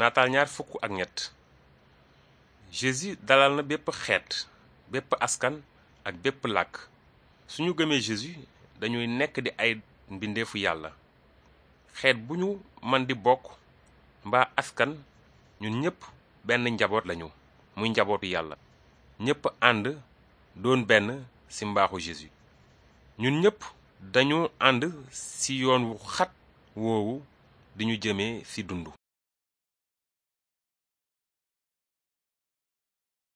naataal ñaar fukk ak ñett Jésus dalal na bépp xeet bépp askan ak bépp làkk suñu gëmee Jésus dañuy nekk di ay mbindeefu yàlla xeet bu ñu man di bokk mbaa askan ñun ñépp benn njaboot lañu muy njabootu yàlla ñépp ànd doon benn ci mbaaxu Jésus ñun ñépp dañu ànd ci yoon wu xat woowu di ñu jëmee ci dund